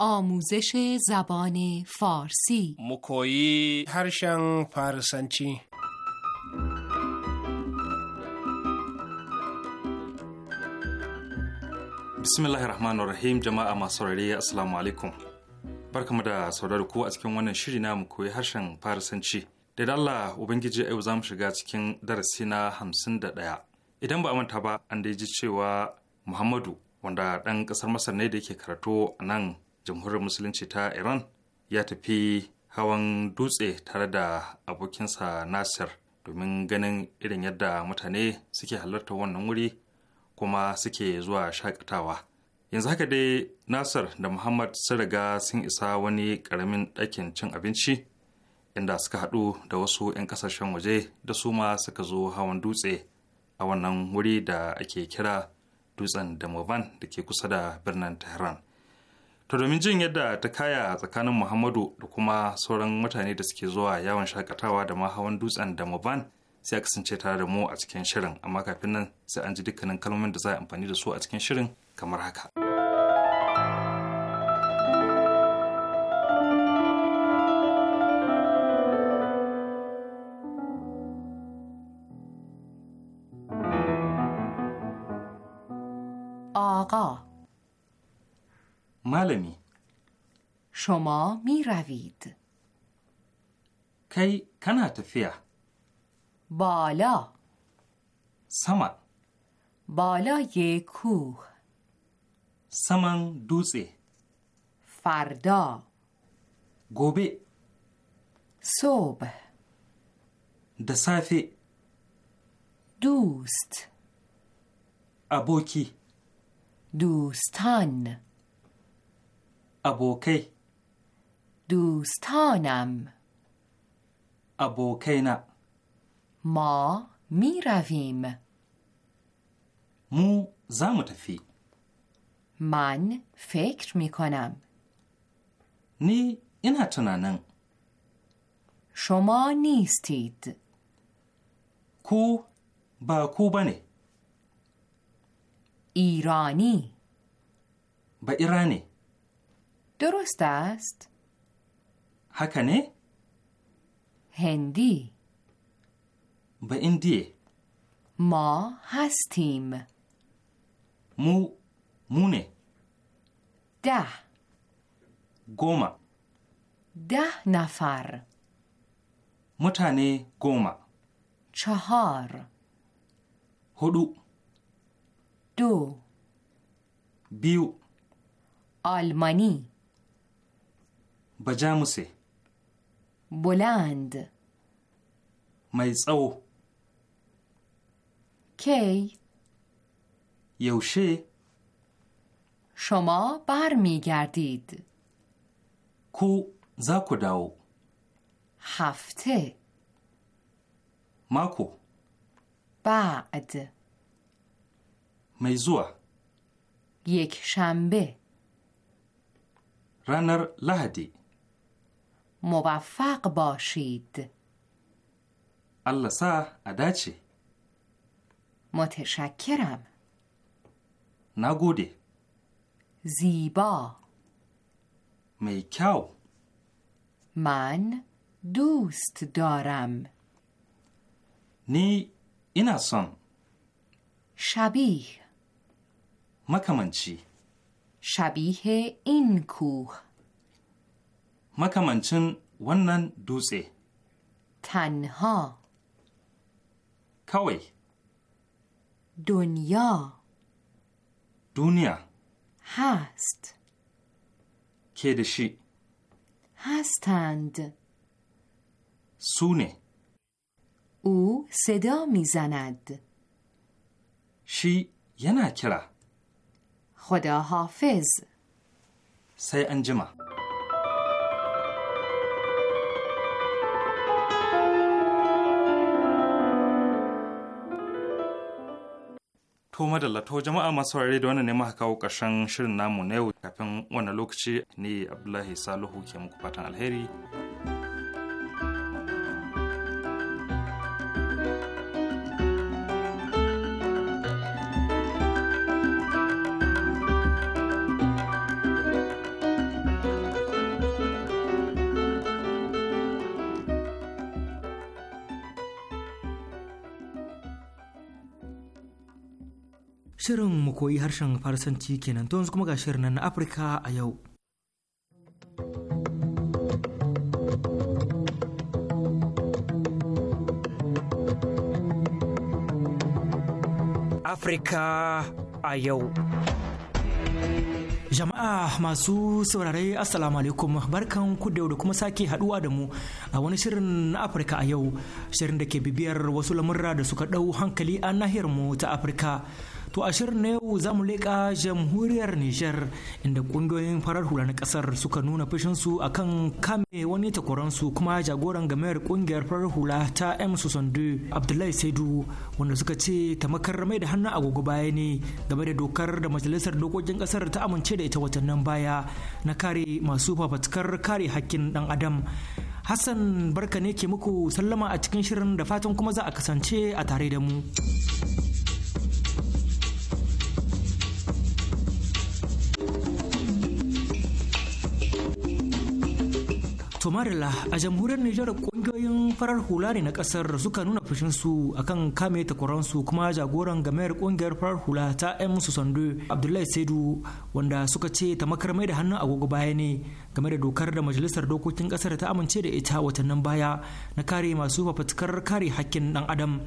O: آموزش زبان فارسی
B: مکویی هرشن فارسنچی
D: bismillahir rahmanir rahim jama'a masu saurare assalamu alaikum barkamu da sauraro ku a cikin wannan shiri na mu koyi harshen farisanci da Allah ubangiji yau za mu shiga cikin darasi na hamsin da ɗaya idan ba a manta ba an da ji cewa muhammadu wanda ɗan ƙasar masar ne da yake karatu a nan jamhuriyar musulunci ta iran ya tafi hawan dutse tare da abokinsa nasir domin ganin irin yadda mutane suke halartar wannan wuri kuma suke zuwa shakatawa yanzu haka dai nasir da muhammad sun riga sun isa wani karamin ɗakin cin abinci inda suka haɗu da wasu 'yan ƙasashen waje da su ma suka zo hawan dutse a wannan wuri da ake kira dutsen damovan da ke kusa da birnin tehran To domin jin yadda ta kaya tsakanin Muhammadu da kuma sauran mutane da suke zuwa yawon shakatawa da ma hawan dutsen da Moban sai kasance tare da mu a cikin shirin amma kafin nan sai an ji dukkanin kalmomin da za a amfani da su a cikin shirin kamar haka.
O: آقا ملمی شما می روید کی
D: کنا تفیه
O: بالا سما بالای کوه سمن دوزه فردا گوبه صبح
D: دسافه
O: دوست ابوکی دوستان ابوکی دوستانم نه ما می رویم
D: مو فی
O: من فکر می کنم نی اینا تنانن شما نیستید کو با کو بنه ایرانی
D: با ایرانی
O: درست است؟ هکنه؟ هندی
D: به اندی
O: ما هستیم مو مونه ده گوما ده نفر
D: متانه گوما
O: چهار هدو دو بیو آلمانی
D: بجاموسه
O: بلند
D: میزو کی یوشه
O: شما بر میگردید کو
D: زاکو داو
O: هفته ماکو بعد میزوه یک شنبه
D: رانر لهدی
O: موفق باشید
D: الله سا اداچه
O: متشکرم نگوده زیبا میکاو من دوست دارم نی
D: این اصان شبیه چی؟
O: شبیه این کوه
D: مکمنچن ونن دوزه
O: تنها کوی دنیا دنیا هست
D: کدشی
O: هستند سونه او صدا میزند
D: شی یه نکره
O: خدا حافظ
D: سی انجمه To lato jama'a masu saurare da wannan ne muka kawo ƙarshen shirin namu na yau kafin wannan lokaci ne Abdullahi Salihu ke muku fatan alheri
A: koyi harshen Farsanci kenan to yanzu kuma ga shirin na Afirka a yau. Afirka a yau. Jama'a masu saurare Assalamu alaikum barkan ku da da kuma sake haduwa da mu a wani shirin na Afirka a yau shirin da ke bibiyar wasu lamurra da suka ɗau hankali a nahiyar mu ta Afirka. To a shirin na yau za mu leƙa jamhuriyar Nijar inda ƙungiyoyin farar hula na ƙasar suka nuna fushinsu a kan kame wani takwaransu kuma jagoran gamayar ƙungiyar farar hula ta M. Susandu Abdullahi Saidu wanda suka ce tamakar mai da hannun agogo baya ne game da dokar da majalisar dokokin ƙasar ta amince da ita watannin baya na kare masu fafatukar kare hakkin ɗan adam. Hassan barka ne ke muku sallama a cikin shirin da fatan kuma za a kasance a tare da mu. To Marilla, a jamhuriyar Nijar kungiyoyin farar hula ne na kasar suka nuna fushinsu akan kame takwaransu kuma jagoran gamayar kungiyar farar hula ta 'yan musu sando Abdullahi Saidu wanda suka ce ta mai da hannun agogo baya ne game da dokar da majalisar dokokin kasar ta amince da ita watannin baya na kare masu fafatukar kare hakkin ɗan adam.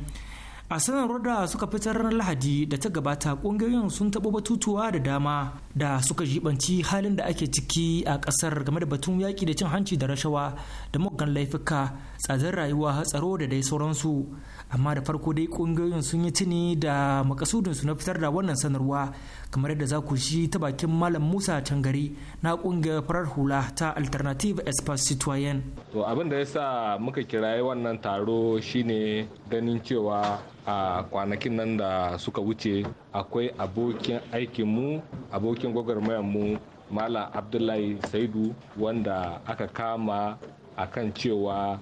A: a sanarwar da suka fitar ranar lahadi da ta gabata kungiyoyin sun taɓo batutuwa da dama da suka jibanci halin da ake ciki a ƙasar game da batun yaƙi da cin hanci da rashawa da muggan laifuka tsadar rayuwa tsaro da dai sauransu amma da farko dai kungiyoyin sun yi tuni da makasudin su na fitar da wannan sanarwa kamar yadda za ku ji ta bakin malam musa cangari na kungiyar farar hula ta alternative espace citoyen
P: to abin da ya sa muka kirayi wannan taro shine ganin cewa a kwanakin nan da suka wuce akwai abokin aikinmu abokin mu malam abdullahi saidu wanda aka kama akan cewa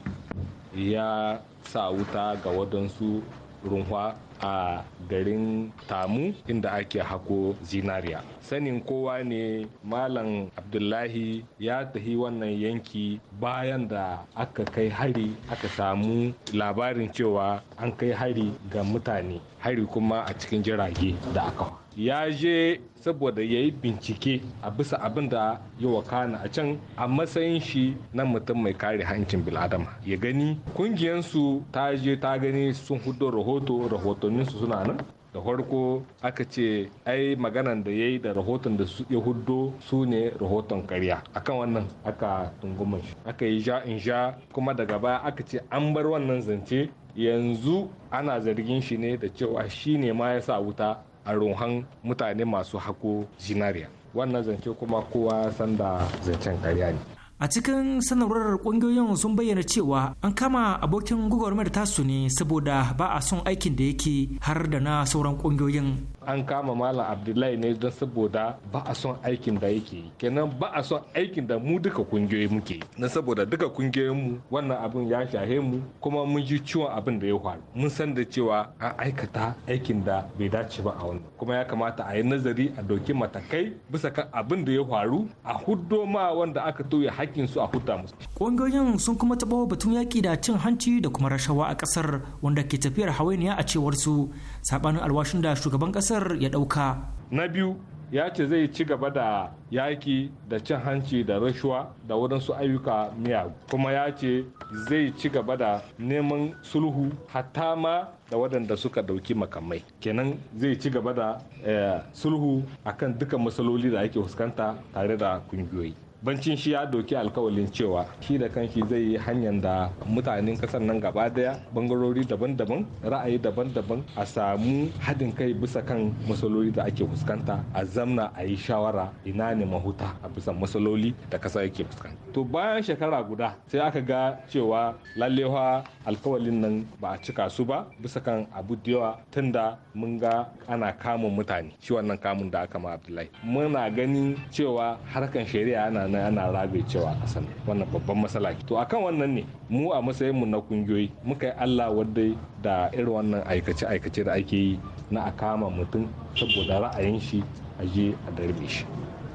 P: ya sa wuta ga waɗansu runwa a garin tamu inda ake hako zinariya sanin kowa ne malam abdullahi ya tahi wannan yanki bayan da aka kai hari aka samu labarin cewa an kai hari ga mutane hari kuma a cikin jirage da aka ya je saboda ya yi bincike a bisa abin da ya wakana a can a matsayin shi na mutum mai kare hancin biladama ya gani kungiyansu ta je ta gani sun hudo rahoto rahotanninsu suna nan da farko aka ce ai maganan da ya yi da rahoton da ya hudo su ne rahoton karya akan wannan aka tungumin shi aka yi ja in ja kuma daga baya aka ce an bar wannan zance yanzu ana zargin shi ne da cewa shi ne ma ya sa wuta a rohan mutane masu hako zinariya wannan zance kuma kowa sanda zancen karya ne a cikin sanarwar
A: kungiyoyin sun bayyana cewa an kama abokin gwagwarmar tasu ne saboda ba a son aikin
P: da yake har da na sauran kungiyoyin an kama malam abdullahi ne don saboda ba a son aikin da yake yi kenan ba a son aikin da mu duka kungiyoyi muke yi na saboda duka kungiyoyin mu wannan abin ya shahe mu kuma mun ji ciwon abin da ya faru mun san da cewa an aikata aikin da bai dace ba a wannan kuma ya kamata a yi nazari a doki matakai bisa kan abin da ya faru a huddo ma wanda aka toye hakkin su a hudda musu kungiyoyin
A: sun kuma taba batun yaƙi da cin hanci da kuma rashawa a ƙasar wanda ke tafiyar hawainiya a cewar su sabanin alwashin da shugaban kasar ya dauka
P: na biyu ya ce zai ci gaba da yaƙi da cin hanci da rashuwa da waɗansu ayyuka miya kuma ya ce zai ci gaba da neman sulhu hatta ma da waɗanda suka ɗauki makamai kenan zai ci gaba da eh, sulhu akan dukkan matsaloli da ake fuskanta tare da kungiyoyi bancin shi ya doki alkawalin cewa shi da kanshi zai yi hanyar da mutanen kasar nan gaba daya bangarori daban-daban ra'ayi daban-daban a samu haɗin kai bisa kan matsaloli da ake fuskanta a zamna a yi shawara ina ne mahuta a bisa matsaloli da kasa yake fuskanta to bayan shekara guda sai aka ga cewa lallewa alkawalin nan ba a cika su ba bisa kan abu da yawa tunda mun ga ana kamun mutane shi wannan kamun da aka ma abdullahi muna ganin cewa harkan shari'a yana sannan ana cewa a ƙasar wannan babban matsala to akan wannan ne mu a matsayin mu na kungiyoyi muka yi Allah wadda da irin wannan aikace aikace da ake yi na a kama mutum saboda ra'ayin shi a je a darbe shi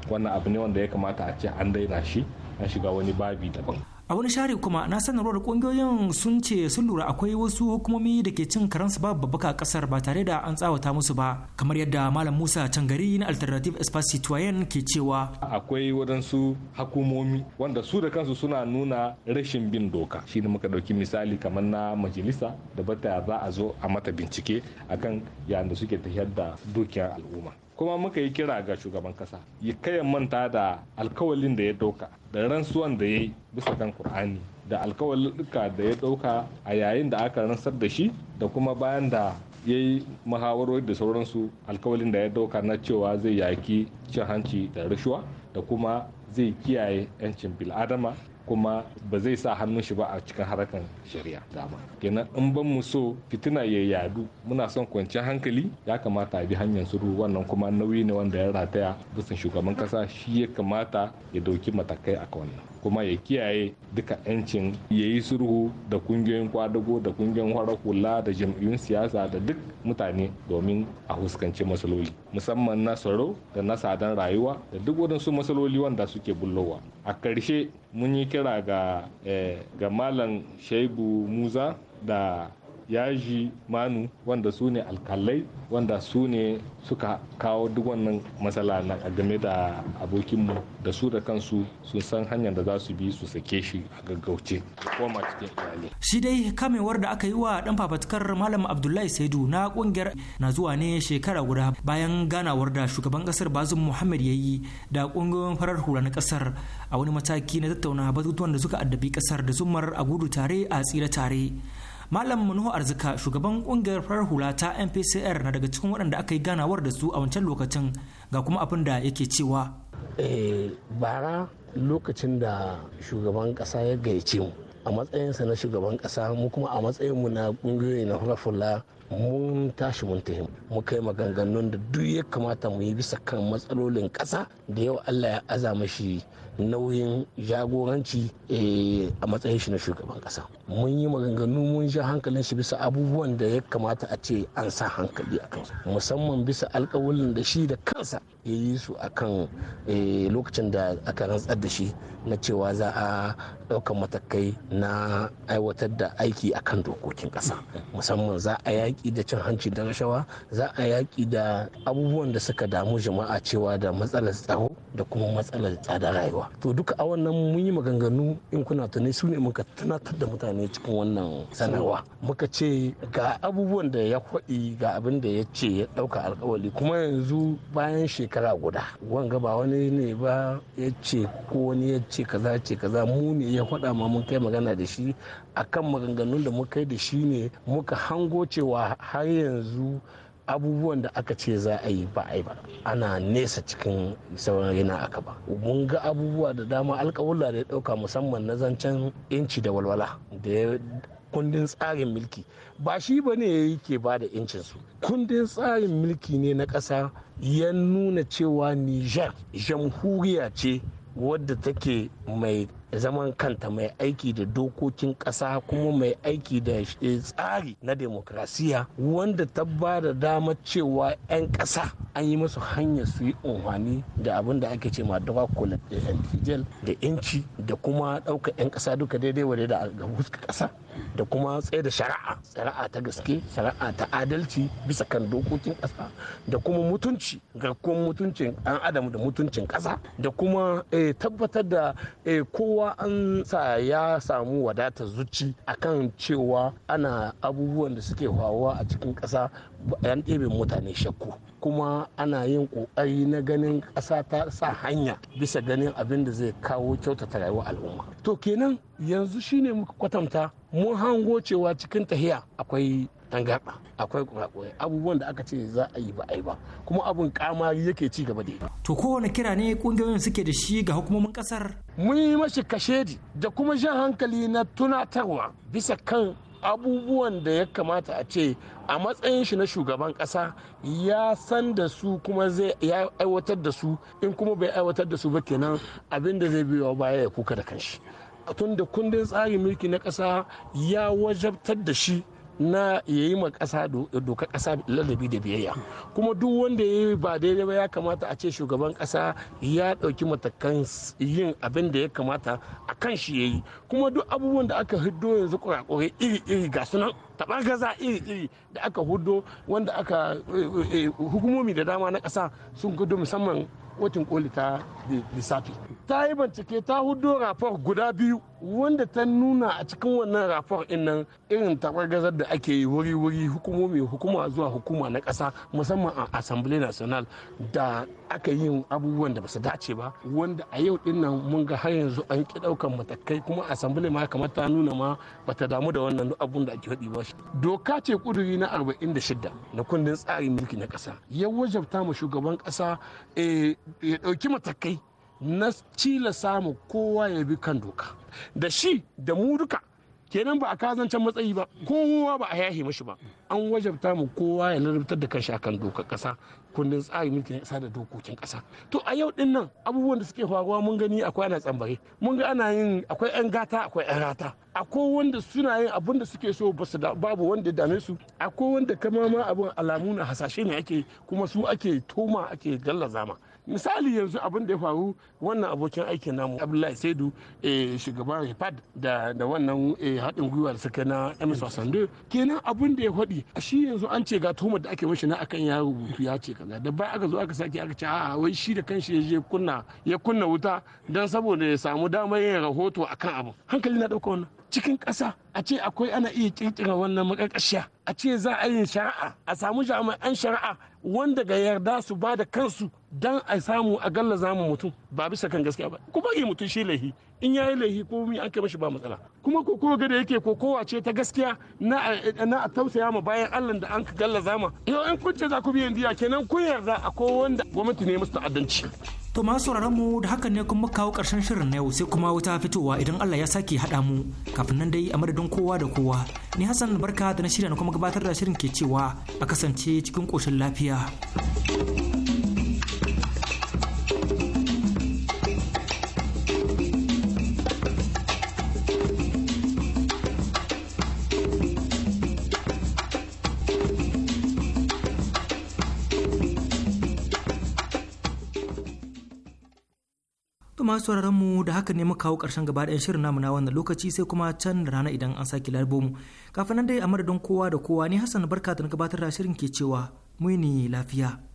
P: wannan abu ne wanda ya kamata a ce an daina shi an shiga wani babi daban a wani
A: share kuma na sanarwar kungiyoyin sun ce sun lura akwai wasu hukumomi da ke cin karansu babu babbaka kasar ba tare da an tsawata musu ba kamar yadda malam musa cangari na alternative espace citoyen
P: ke cewa akwai wadansu hukumomi wanda su da kansu suna nuna rashin bin doka shi ne muka ɗauki misali kamar na majalisa da bata za a zo a mata bincike akan yadda suke tafiyar da dukiyar al'umma kuma muka yi kira ga shugaban kasa ya kayan manta da alkawalin da ya dauka da ransuwan da ya yi bisa kan kur'ani da duka da ya dauka a yayin da aka rantsar da shi da kuma bayan da ya yi muhawarori da sauransu alkawalin da ya dauka na cewa zai yaki cin hanci da rashuwa da kuma zai kiyaye 'yancin bil'adama kuma ba zai sa hannun shi ba a cikin harakan shari'a dama kenan in ban mu so fitina ya yadu muna son kwanciyar hankali ya kamata a bi hanyar suru wannan kuma nauyi ne wanda ya rataya bisan shugaban kasa shi ya kamata ya dauki matakai a wannan kuma ya kiyaye duka 'yancin ya yi sulhu da kungiyoyin kwadago da kungiyoyin harar hula da jam'iyyun siyasa da duk mutane domin a huskanci matsaloli musamman na tsaro da na sadan rayuwa da duk waɗansu matsaloli wanda suke bullowa a ƙarshe mun yi kira ga eh, malam shaibu muza da yaji manu wanda su ne alkalai wanda su ne suka kawo duk wannan matsala na game da abokinmu da su da kansu sun san hanyar da za su bi su sake shi a gaggauce koma cikin iyali.
A: shi dai kamewar da aka yi wa dan fafatkar malam abdullahi saidu na kungiyar na zuwa ne shekara guda bayan ganawar da shugaban kasar bazum muhammad ya yi da kungiyoyin farar hula na kasar a wani mataki na tattauna batutuwan da suka addabi kasar da zumar a gudu tare a tsira tare malam manuhu arzika shugaban kungiyar farar hula ta mpcr na daga cikin waɗanda aka yi ganawar da su a wancan lokacin ga kuma abin da yake
Q: cewa eh, bara lokacin da shugaban ƙasa ya gayyace mu a matsayinsa na shugaban ƙasa mu kuma a mu na ƙungiyoyi na farar hula mun tashi mun tahi mu kai maganganun da duk ya kamata mu yi bisa kan matsalolin ƙasa da yau Allah ya aza mashi nauyin jagoranci eh, a matsayin shi na shugaban kasa mun yi maganganu mun sha hankalin shi bisa abubuwan da ya kamata a ce an sa hankali a kansu musamman bisa alkawalin da shi da kansa ya yi su a kan eh, lokacin da aka rantsar da shi na cewa za a ɗaukan matakai na aiwatar da aiki a kan dokokin ƙasa musamman za a yaƙi da cin hanci da rashawa za a yaƙi da abubuwan da suka damu jama'a cewa da matsalar tsaro da kuma matsalar tsadar rayuwa rayuwa to duka a wannan mun yi maganganu in kuna tunai su ne muka tunatar da mutane cikin wannan sanarwa muka ce ga abubuwan da ya kwaɗi ga abin da ya ce ya ɗauka alkawali kuma yanzu bayan shekara guda wanga ba wani ne ba ya ce ko wani ya ce kaza ce kaza mu ne ya faɗa ma mun kai magana da shi akan maganganun da muka yi da shi ne muka hango cewa har yanzu abubuwan da aka ce za a yi ba a yi ba ana nesa cikin sauran yana aka ba mun ga abubuwa da dama alkawulla da ya dauka musamman na zancen inci da walwala da ya kundin tsarin mulki ba shi ba ne yake ba da incinsu kundin tsarin mulki ne na ƙasa ya nuna cewa niger jamhuriya ce wadda take mai zaman kanta mai aiki da dokokin ƙasa kuma mai aiki da eh, tsari na demokrasiya wanda ta ba da damar cewa 'yan ƙasa an yi masu hanyar su yi unhwani da abin da ake ce ma kula da da inci da kuma ɗaukar 'yan ƙasa duka daidai wadai da ga ƙasa da kuma tsaye da shari'a shari'a ta gaske shari'a ta adalci bisa kan dokokin ƙasa da kuma mutunci garkuwar mutuncin ɗan adam da mutuncin ƙasa da kuma eh, tabbatar da eh, kowa kowa an sa ya samu wadata zuci a kan cewa ana abubuwan da suke faruwa a cikin ƙasa yan ɗebe mutane shakku kuma ana yin ƙoƙari na ganin ƙasa ta sa hanya bisa ganin abin da zai kawo kyautata rayuwar al'umma to kenan yanzu shine muka kwatanta mun hango cewa cikin tahiya akwai tangarɗa akwai kurakurai abubuwan da aka ce za a yi ba a yi ba kuma abun kamari yake ci gaba da to kowane kira ne kungiyoyin suke da shi ga hukumomin kasar mun yi mashi kashedi da kuma jan hankali na tunatarwa bisa kan abubuwan da ya kamata a ce a matsayin shi na shugaban kasa ya san da su kuma zai ya aiwatar da su in kuma bai aiwatar da su ba kenan abin da zai biyo baya ya kuka da kanshi tun da kundin tsarin mulki na kasa ya wajabtar da shi na yayi ma ƙasa doka ƙasa ladabi da biyayya kuma duk wanda ya yi ba daidai ba ya kamata a ce shugaban ƙasa ya ɗauki matakan yin abin da ya kamata a kan shi ya yi kuma duk abubuwan da aka hiddo yanzu kurakure iri-iri ga sunan taɓar gaza iri-iri da aka hudo wanda aka eh, eh, eh, hukumomi da dama na ƙasa sun gudu musamman watan koli ta lissafi ta yi bincike ta hudo rafor guda biyu wanda ta nuna a cikin wannan rafor nan irin tabargazar da ake yi wuri-wuri hukumomi hukuma zuwa hukuma na ƙasa musamman a assembly national da aka yi abubuwan da ba su dace ba wanda a yau din nan mun ga har yanzu an ki daukan matakai kuma assembly ma kamar ta nuna ma ba ta damu da wannan abun da ake faɗi ba shi. doka ce kuduri na 46 na kundin tsarin mulki na ƙasa ya wajabta ma shugaban ƙasa eh, ya ɗauki matakai na cila samu kowa ya bi kan doka da shi da mu duka kenan ba a kazancen matsayi ba kowa ba a yahi mashi ba an wajabta mu kowa ya larabtar da kanshi akan dokar kasa kundin tsari mulki ya kasa da dokokin kasa to a yau din nan abubuwan da suke faruwa mun gani akwai ana tsambare mun ga ana yin akwai yan gata akwai yan rata akwai wanda suna yin abin da suke so basu da babu wanda dame su akwai wanda kama ma abin alamu na hasashe ne ake kuma su ake toma ake gallaza zama. misali yanzu abin da ya faru wannan abokin aikin namu abdullahi saidu eh, shugaban ripad da wannan eh, haɗin da suka na ms wasandu kenan abin da ya faɗi a shi yanzu an ce ga tuhumar da ake mashi na akan ya rubutu ya ce kaza da bayan aka zo aka sake aka ce a wai shi da kanshi ya je kunna ya kunna wuta dan saboda ya samu damar yin rahoto akan abu hankali na ɗauka wannan cikin ƙasa a ce akwai ana iya kirkira wannan makarƙashiya a ce za a yi shari'a a samu jami'an shari'a wanda ga yarda su ba da kansu don a samu a galla zamu mutum ba bisa kan gaskiya ba kuma yi mutum shi laihi in ya yi laihi ko mi an kai mashi ba matsala kuma ko kowa da yake ko kowa ce ta gaskiya na a tausaya ma bayan Allah da an ka galla zama yau in kun ce za ku biyan diya kenan ku yarda a ko wanda gwamnati ne musu ta'addanci
A: To masu sauraron mu da hakan ne kuma kawo ƙarshen shirin na yau sai kuma wata fitowa idan Allah ya sake haɗa mu kafin nan dai a madadin kowa da kowa. Ni Hassan barka da na shirya na kuma gabatar da shirin ke cewa a kasance cikin koshin lafiya. kuma sauraron mu da haka ne muka kawo karshen gaba ɗayan shirin namu na wannan lokaci sai kuma can da rana idan an sake larbo mu. Kafin nan dai a madadin kowa da kowa ni Hassan barka da gabatar da shirin ke cewa mu ne lafiya.